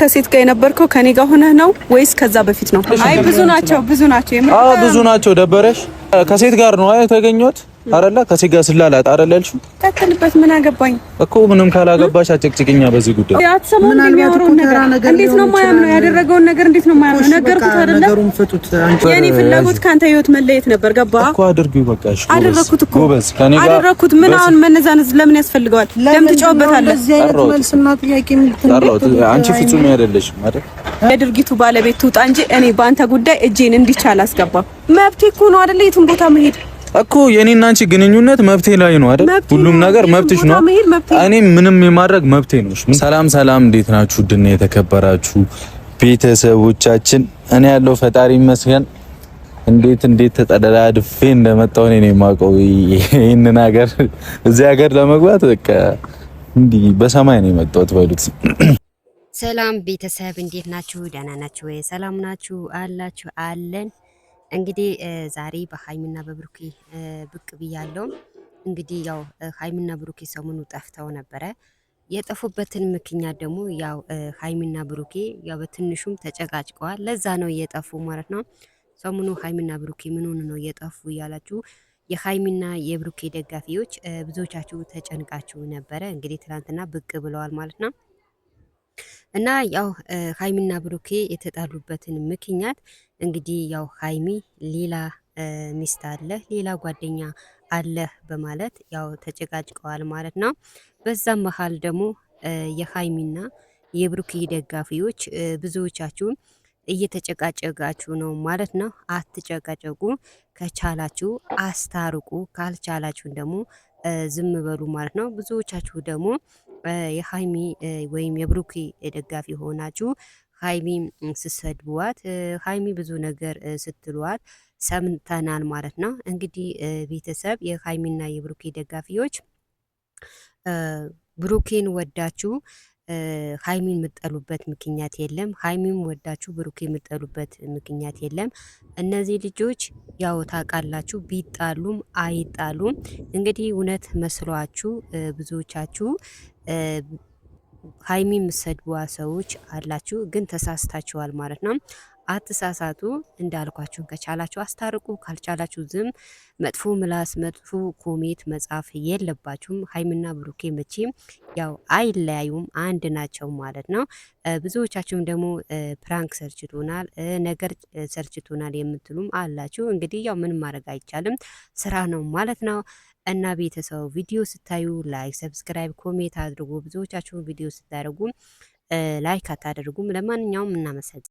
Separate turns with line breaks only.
ከሴት ጋር የነበርከው ከኔ ጋር ሆነ ነው ወይስ ከዛ በፊት ነው? አይ ብዙ ናቸው፣ ብዙ ናቸው፣
ብዙ ናቸው። ደበረሽ? ከሴት ጋር ነው የተገኘሁት አረላ ከሴጋ ስላላት አረላ ያልሽው
ቀጥልበት። ምን አገባኝ
እኮ ምንም ካላገባሽ አጨቅጭቅኛ በዚህ ጉዳይ
አትሰማም። የሚያወራውን ነገር እንዴት ነው የማያምነው? ያደረገውን ነገር እንዴት ነው የማያምነው? ነገርኩት አይደለ? የኔ ፍላጎት ከአንተ ህይወት መለየት ነበር። ገባ
እኮ አድርጊው። በቃ እሺ፣
አደረኩት እኮ አደረኩት። ምን አሁን መነዛነዝ ለምን ያስፈልገዋል? ለምን ትጫወበታለህ?
አንቺ ፍጹም አይደለሽም አይደል?
የድርጊቱ ባለቤት ትውጣ እንጂ እኔ በአንተ ጉዳይ እጄን እንዲቻል አስገባ መብቴ እኮ ነው አይደለ? የትም ቦታ መሄድ
እኮ የኔና አንቺ ግንኙነት መብቴ ላይ ነው አይደል? ሁሉም ነገር መብትሽ ነው። እኔ ምንም የማድረግ መብቴ ነው። ሰላም ሰላም፣ እንዴት ናችሁ? ድና የተከበራችሁ ቤተሰቦቻችን፣ እኔ ያለው ፈጣሪ ይመስገን። እንዴት እንዴት ተጠደላድፌ እንደመጣሁ እኔ ነው የማውቀው። ይሄንን ሀገር እዚህ ሀገር ለመግባት በቃ እንዲህ በሰማይ ነው የመጣሁት በሉት።
ሰላም ቤተሰብ፣ እንዴት ናችሁ? ደህና ናችሁ ወይ? ሰላም ናችሁ አላችሁ አለን እንግዲህ ዛሬ በሀይሚና በብሩኬ ብቅ ብያለሁ። እንግዲህ ያው ሀይሚና ብሩኬ ሰሞኑ ጠፍተው ነበረ። የጠፉበትን ምክንያት ደግሞ ያው ሀይሚና ብሩኬ ያው በትንሹም ተጨቃጭቀዋል። ለዛ ነው እየጠፉ ማለት ነው። ሰሞኑ ሀይሚና ብሩኬ ምን ሆኑ ነው እየጠፉ እያላችሁ የሀይሚና የብሩኬ ደጋፊዎች ብዙዎቻችሁ ተጨንቃችሁ ነበረ። እንግዲህ ትናንትና ብቅ ብለዋል ማለት ነው። እና ያው ሀይሚና ብሩኬ የተጣሉበትን ምክንያት እንግዲህ ያው ሀይሚ ሌላ ሚስት አለ ሌላ ጓደኛ አለ በማለት ያው ተጨቃጭቀዋል ማለት ነው። በዛም መሀል ደግሞ የሀይሚና የብሩኬ ደጋፊዎች ብዙዎቻችሁ እየተጨቃጨጋችሁ ነው ማለት ነው። አትጨቃጨቁ፣ ከቻላችሁ አስታርቁ፣ ካልቻላችሁን ደግሞ ዝም በሉ ማለት ነው። ብዙዎቻችሁ ደግሞ የሀይሚ ወይም የብሩኬ ደጋፊ ሆናችሁ ሀይሚ ስሰድቧት ሀይሚ ብዙ ነገር ስትሏት ሰምተናል ማለት ነው። እንግዲህ ቤተሰብ የሀይሚና የብሩኬ ደጋፊዎች ብሩኬን ወዳችሁ ሀይሚን የምጠሉበት ምክንያት የለም። ሀይሚም ወዳችሁ ብሩክ የምጠሉበት ምክንያት የለም። እነዚህ ልጆች ያው ታውቃላችሁ፣ ቢጣሉም አይጣሉም። እንግዲህ እውነት መስሏችሁ ብዙዎቻችሁ ሀይሚ የምትሰድቧ ሰዎች አላችሁ፣ ግን ተሳስታችኋል ማለት ነው። አትሳሳቱ። እንዳልኳችሁን ከቻላችሁ አስታርቁ፣ ካልቻላችሁ ዝም። መጥፎ ምላስ፣ መጥፎ ኮሜት መጻፍ የለባችሁም። ሀይሚና ብሩኬ መቼም ያው አይለያዩም፣ አንድ ናቸው ማለት ነው። ብዙዎቻችሁም ደግሞ ፕራንክ ሰልችቶናል፣ ነገር ሰልችቶናል የምትሉም አላችሁ። እንግዲህ ያው ምን ማድረግ አይቻልም፣ ስራ ነው ማለት ነው። እና ቤተሰቡ ቪዲዮ ስታዩ ላይክ፣ ሰብስክራይብ፣ ኮሜት አድርጉ። ብዙዎቻችሁ ቪዲዮ ስታደርጉ ላይክ አታደርጉም። ለማንኛውም እናመሰግናለን።